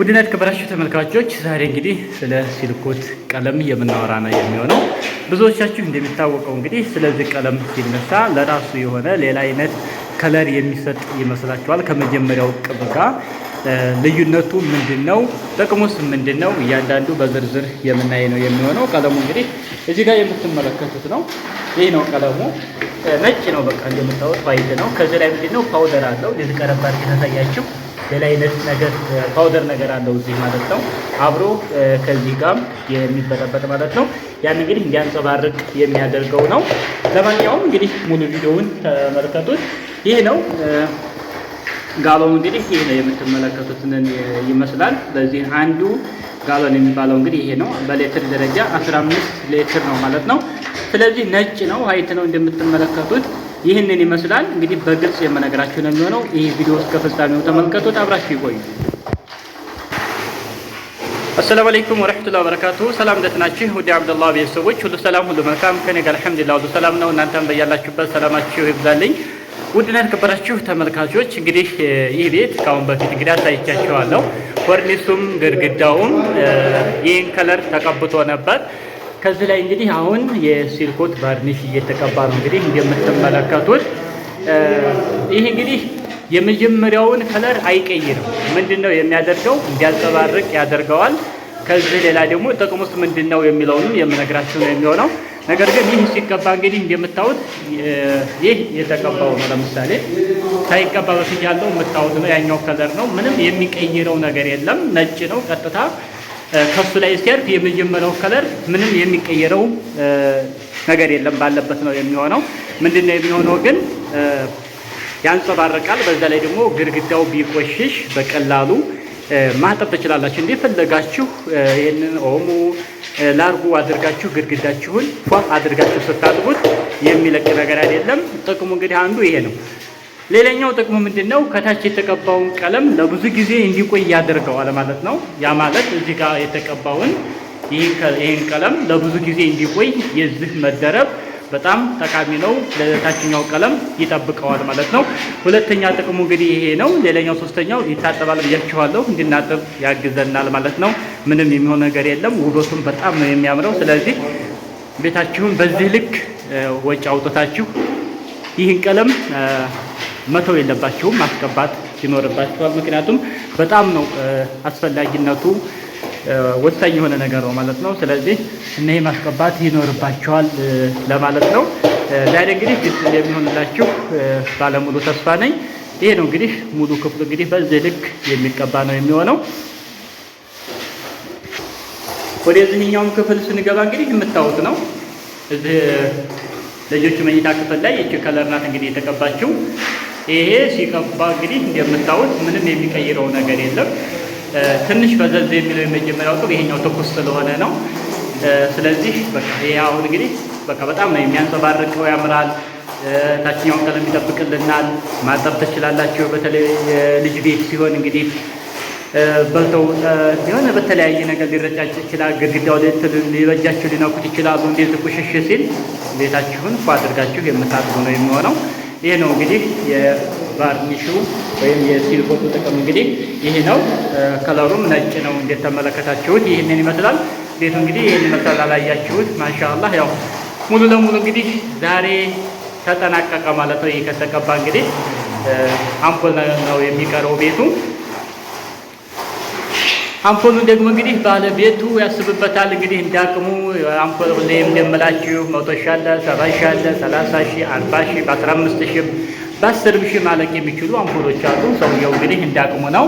ውድና የተከበራችሁ ተመልካቾች ዛሬ እንግዲህ ስለ ሲልኮት ቀለም የምናወራ ነው የሚሆነው። ብዙዎቻችሁ እንደሚታወቀው እንግዲህ ስለዚህ ቀለም ሲነሳ ለራሱ የሆነ ሌላ አይነት ከለር የሚሰጥ ይመስላችኋል። ከመጀመሪያው ቅብ ጋር ልዩነቱ ምንድን ነው? ጥቅሙስ ምንድን ነው? እያንዳንዱ በዝርዝር የምናይ ነው የሚሆነው። ቀለሙ እንግዲህ እዚህ ጋር የምትመለከቱት ነው። ይህ ነው ቀለሙ። ነጭ ነው፣ በቃ እንደምታወት ባይት ነው። ከዚህ ላይ ምንድን ነው ፓውደር አለው። ለዚህ ቀረባር ሌላ አይነት ነገር ፓውደር ነገር አለው እዚህ ማለት ነው። አብሮ ከዚህ ጋር የሚበጠበጥ ማለት ነው። ያን እንግዲህ እንዲያንጸባርቅ የሚያደርገው ነው። ለማንኛውም እንግዲህ ሙሉ ቪዲዮውን ተመልከቱት። ይህ ነው ጋሎን እንግዲህ ይህ ነው የምትመለከቱትን ይመስላል። በዚህ አንዱ ጋሎን የሚባለው እንግዲህ ይሄ ነው። በሌትር ደረጃ 15 ሌትር ነው ማለት ነው። ስለዚህ ነጭ ነው፣ ሀይት ነው እንደምትመለከቱት ይህንን ይመስላል። እንግዲህ በግልጽ የምነግራችሁ ነው የሚሆነው። ይህ ቪዲዮ እስከ ፍጻሜው ተመልከቱት፣ አብራችሁ ይቆዩ። አሰላሙ አለይኩም ወረህመቱላሂ ወበረካቱ። ሰላም እንደት ናችሁ? ውድ አብደላህ ቤተሰቦች ሁሉ ሰላም፣ ሁሉ መልካም ከኔ ጋር አልሐምዱሊላህ ሁሉ ሰላም ነው። እናንተም በያላችሁበት ሰላማችሁ ይብዛልኝ። ውድና የተከበራችሁ ተመልካቾች እንግዲህ ይህ ቤት ከአሁን በፊት እንግዲህ አሳይቻችኋለሁ። ኮርኒሱም ግድግዳውም ይህን ከለር ተቀብቶ ነበር። ከዚህ ላይ እንግዲህ አሁን የሲልኮት ቫርኒሽ እየተቀባ ነው። እንግዲህ እንደምትመለከቱት ይህ እንግዲህ የመጀመሪያውን ከለር አይቀይርም። ምንድን ነው የሚያደርገው? እንዲያንጸባርቅ ያደርገዋል። ከዚህ ሌላ ደግሞ ውስጥ ምንድን ነው የሚለውንም የምነግራችሁ ነው የሚሆነው። ነገር ግን ይህ ሲቀባ እንግዲህ እንደምታዩት ይህ የተቀባው ነው። ለምሳሌ ሳይቀባ በፊት ያለው የምታዩት ነው። ያኛው ከለር ነው። ምንም የሚቀይረው ነገር የለም። ነጭ ነው ቀጥታ ከሱ ላይ ሲያርፍ የመጀመሪያው ከለር ምንም የሚቀየረው ነገር የለም፣ ባለበት ነው የሚሆነው። ምንድነው የሚሆነው ግን ያንጸባርቃል። በዛ ላይ ደግሞ ግድግዳው ቢቆሽሽ በቀላሉ ማጠብ ትችላላችሁ። እንደፈለጋችሁ ይህንን ኦሙ ላርጉ አድርጋችሁ ግድግዳችሁን ፏ አድርጋችሁ ስታጥቡት የሚለቅ ነገር አይደለም። ጥቅሙ እንግዲህ አንዱ ይሄ ነው። ሌላኛው ጥቅሙ ምንድን ነው? ከታች የተቀባውን ቀለም ለብዙ ጊዜ እንዲቆይ ያደርገዋል ማለት ነው። ያ ማለት እዚህ ጋር የተቀባውን ይህን ቀለም ለብዙ ጊዜ እንዲቆይ የዚህ መደረብ በጣም ጠቃሚ ነው። ለታችኛው ቀለም ይጠብቀዋል ማለት ነው። ሁለተኛ ጥቅሙ እንግዲህ ይሄ ነው። ሌላኛው ሶስተኛው ይታጠባል ብያችኋለሁ። እንድናጥብ ያግዘናል ማለት ነው። ምንም የሚሆን ነገር የለም። ውበቱም በጣም ነው የሚያምረው። ስለዚህ ቤታችሁን በዚህ ልክ ወጪ አውጥታችሁ ይህን ቀለም መተው የለባቸውም፣ ማስገባት ይኖርባቸዋል። ምክንያቱም በጣም ነው አስፈላጊነቱ ወሳኝ የሆነ ነገር ነው ማለት ነው። ስለዚህ እነሄ ማስገባት ይኖርባቸዋል ለማለት ነው። ዛሬ እንግዲህ ግልጽ የሚሆንላችሁ ባለሙሉ ተስፋ ነኝ። ይሄ ነው እንግዲህ ሙሉ ክፍሉ እንግዲህ በዚህ ልክ የሚቀባ ነው የሚሆነው። ወደዚህኛውም ክፍል ስንገባ እንግዲህ የምታዩት ነው እዚህ ልጆቹ መኝታ ክፍል ላይ ይቺ ከለር ናት እንግዲህ የተቀባችው። ይሄ ሲቀባ እንግዲህ እንደምታዩት ምንም የሚቀይረው ነገር የለም። ትንሽ በዘዝ የሚለው የመጀመሪያው ቅብ ይሄኛው ትኩስ ስለሆነ ነው። ስለዚህ በቃ ይሄ አሁን እንግዲህ በቃ በጣም ነው የሚያንጸባርቀው፣ ያምራል። ታችኛውን ቀለም ይጠብቅልናል። ማጠብ ትችላላችሁ። በተለይ ልጅ ቤት ሲሆን እንግዲህ በልተው የሆነ በተለያየ ነገር ሊረጫጭ ይችላል። ግድግዳው ሊበጃችሁ ሊነኩት ይችላሉ። እንዴት ቁሽሽ ሲል ቤታችሁን እኮ አድርጋችሁ የምታጥቡ ነው የሚሆነው። ይህ ነው እንግዲህ የቫርኒሹ ወይም የሲልቨሩ ጥቅም እንግዲህ ይሄ ነው። ከለሩም ነጭ ነው እንደተመለከታችሁት ይህንን ይመስላል። ቤቱ እንግዲህ ይህን ይመስላል። አላያችሁት ማሻአላህ። ያው ሙሉ ለሙሉ እንግዲህ ዛሬ ተጠናቀቀ ማለት ነው። ይህ ከተቀባ እንግዲህ አምፖል ነው የሚቀረው ቤቱ አምፖሉን ደግሞ እንግዲህ ባለቤቱ ያስብበታል። እንግዲህ እንዳቅሙ አምፖል ሁሌ እንደምላችሁ መቶ ሺህ አለ፣ ሰባ ሺህ አለ፣ ሰላሳ ሺህ አርባ ሺህ በአስራ አምስት ሺህ በአስር ሺህ ማለቅ የሚችሉ አምፖሎች አሉ። ሰውየው እንግዲህ እንዳቅሙ ነው።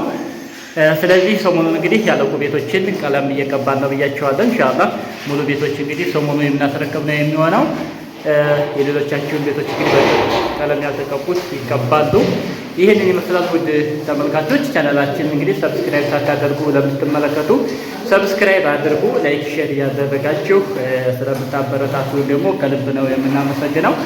ስለዚህ ሰሞኑን እንግዲህ ያለቁ ቤቶችን ቀለም እየቀባን ነው ብያቸዋለሁ። እንሻላ ሙሉ ቤቶች እንግዲህ ሰሞኑ የምናስረከብ ነው የሚሆነው። የሌሎቻችሁን ቤቶች እንግዲህ ቀለም ያልተቀቡት ይቀባሉ። ይህንን ይመስላል። ውድ ተመልካቾች ቻናላችን እንግዲህ ሰብስክራይብ ሳታደርጉ ለምትመለከቱ ሰብስክራይብ አድርጉ። ላይክ፣ ሼር እያደረጋችሁ ስለምታበረታቱ ደግሞ ከልብ ነው የምናመሰግነው።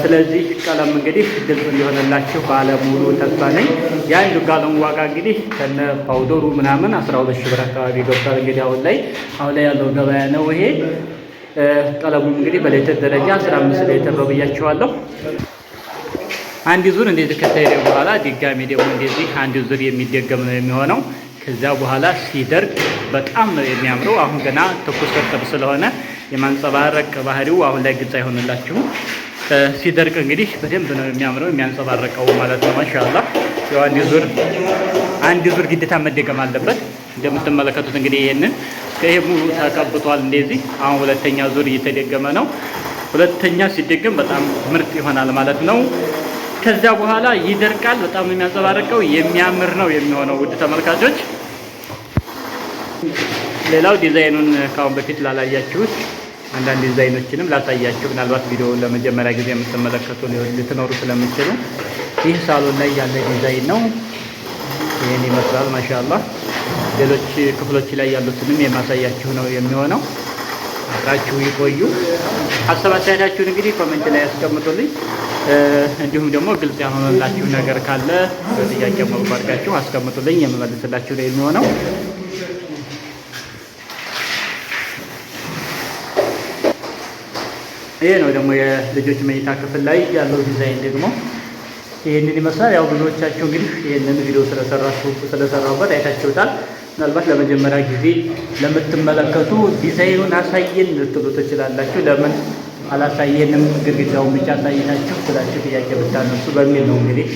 ስለዚህ ቀለም እንግዲህ ግልጽ እንዲሆነላችሁ ባለሙሉ ተስፋ ነኝ። የአንዱ ጋለን ዋጋ እንግዲህ ከነ ፓውደሩ ምናምን 12 ሺህ ብር አካባቢ ገብቷል። እንግዲህ አሁን ላይ አሁን ላይ ያለው ገበያ ነው ይሄ። ቀለሙም እንግዲህ በሌተር ደረጃ 15 ሌትር ነው ብያችኋለሁ። አንድ ዙር እንደዚህ ከተሄደ በኋላ ድጋሚ ደግሞ እንደዚህ አንድ ዙር የሚደገም ነው የሚሆነው። ከዛ በኋላ ሲደርቅ በጣም ነው የሚያምረው። አሁን ገና ትኩስ እርጥብ ስለሆነ የማንጸባረቅ ባህሪው አሁን ላይ ግልጽ አይሆንላችሁም። ሲደርቅ እንግዲህ በደንብ ነው የሚያምረው የሚያንጸባረቀው ማለት ነው። ማሻአላ ያው አንድ ዙር አንድ ዙር ግዴታ መደገም አለበት። እንደምትመለከቱት እንግዲህ ይሄንን ከይሄ ሙሉ ተቀብቷል። እንደዚህ አሁን ሁለተኛ ዙር እየተደገመ ነው። ሁለተኛ ሲደገም በጣም ምርጥ ይሆናል ማለት ነው። ከዚያ በኋላ ይደርቃል። በጣም የሚያንጸባርቀው የሚያምር ነው የሚሆነው። ውድ ተመልካቾች፣ ሌላው ዲዛይኑን ከአሁን በፊት ላላያችሁት አንዳንድ ዲዛይኖችንም ላሳያችሁ። ምናልባት ቪዲዮውን ለመጀመሪያ ጊዜ የምትመለከቱ ልትኖሩ ስለምችሉ ይህ ሳሎን ላይ ያለ ዲዛይን ነው። ይህን ይመስላል። ማሻላ ሌሎች ክፍሎች ላይ ያሉትንም የማሳያችሁ ነው የሚሆነው። አብራችሁ ይቆዩ። ሀሳብ አስተያየታችሁን እንግዲህ ኮሜንት ላይ ያስቀምጡልኝ። እንዲሁም ደግሞ ግልጽ ያመመላችሁ ነገር ካለ በጥያቄ መልኩ አድርጋችሁ አስቀምጡልኝ የምመልስላችሁ ነው የሚሆነው። ይሄ ነው ደግሞ የልጆች መኝታ ክፍል ላይ ያለው ዲዛይን ደግሞ ይህንን ይመስላል። ያው ብዙዎቻችሁ እንግዲህ ይህንን ቪዲዮ ስለሰራሁበት አይታችሁታል። ምናልባት ለመጀመሪያ ጊዜ ለምትመለከቱ ዲዛይኑን አሳየን ልትሉ ትችላላችሁ። ለምን አላሳየንም፣ ግድግዳውን ብቻ አሳየናችሁ ስላችሁ ጥያቄ ብታነሱ በሚል ነው እንግዲህ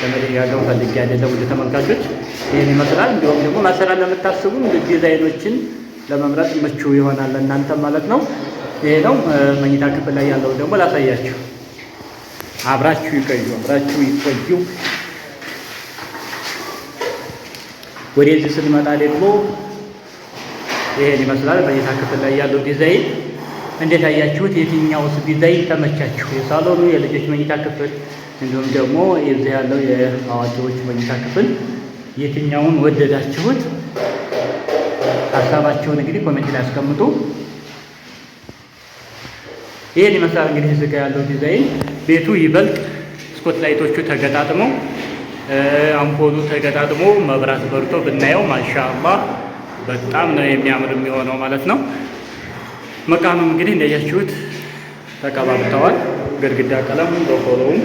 ለመደግ ያለው ፈልጌ አይደለም። ተመልካቾች ይህን ይመስላል። እንዲሁም ደግሞ ማሰራት ለምታስቡ ዲዛይኖችን ለመምረጥ ምቹ ይሆናል እናንተ ማለት ነው። ይሄ ነው መኝታ ክፍል ላይ ያለው ደግሞ ላሳያችሁ። አብራችሁ ይቆዩ፣ አብራችሁ ይቆዩ። ወደዚህ ስንመጣ ደግሞ ይሄን ይመስላል መኝታ ክፍል ላይ ያለው ዲዛይን እንዴት አያችሁት? የትኛውስ ዲዛይን ተመቻችሁ? የሳሎኑ የልጆች መኝታ ክፍል እንዲሁም ደግሞ የዚህ ያለው የአዋቂዎች መኝታ ክፍል የትኛውን ወደዳችሁት? ሀሳባችሁን እንግዲህ ኮሜንት ላይ አስቀምጡ። ይህን ይመስላል እንግዲህ እዚህ ጋር ያለው ዲዛይን ቤቱ ይበልጥ ስኮት ላይቶቹ ተገጣጥመው አምፖሉ ተገጣጥሞ መብራት በርቶ ብናየው ማሻአላ በጣም ነው የሚያምር የሚሆነው ማለት ነው። መቃኑም እንግዲህ እንደያችሁት ተቀባብተዋል። ግድግዳ ቀለም በቆሎውም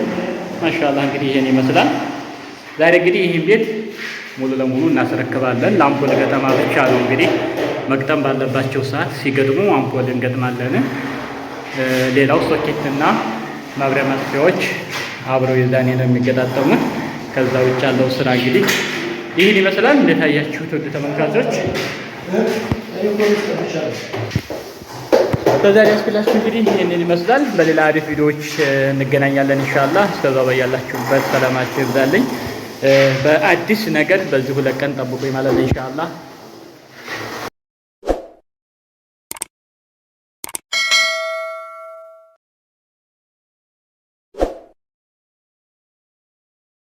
ማሻላ እንግዲህ ይሄን ይመስላል። ዛሬ እንግዲህ ይህን ቤት ሙሉ ለሙሉ እናስረክባለን። ለአምፖል ገጠማ ብቻ ነው እንግዲህ መግጠም ባለባቸው ሰዓት ሲገጥሙ አምፖል እንገጥማለን። ሌላው ሶኬትና ማብሪያ ማጥፊያዎች አብረው የዛኔ ነው የሚገጣጠሙት። ከዛ ውጭ ያለው ስራ እንግዲህ ይህን ይመስላል። እንደታያችሁት ወደ ተመልካቾች ለዛሬ ያስኩላችሁ እንግዲህ ይህንን ይመስላል። በሌላ አሪፍ ቪዲዮዎች እንገናኛለን ኢንሻአላህ። እስከዛው በያላችሁበት ሰላማችሁ ይብዛልኝ። በአዲስ ነገር በዚህ ሁለት ቀን ጠብቁኝ ማለት ነው ኢንሻአላህ።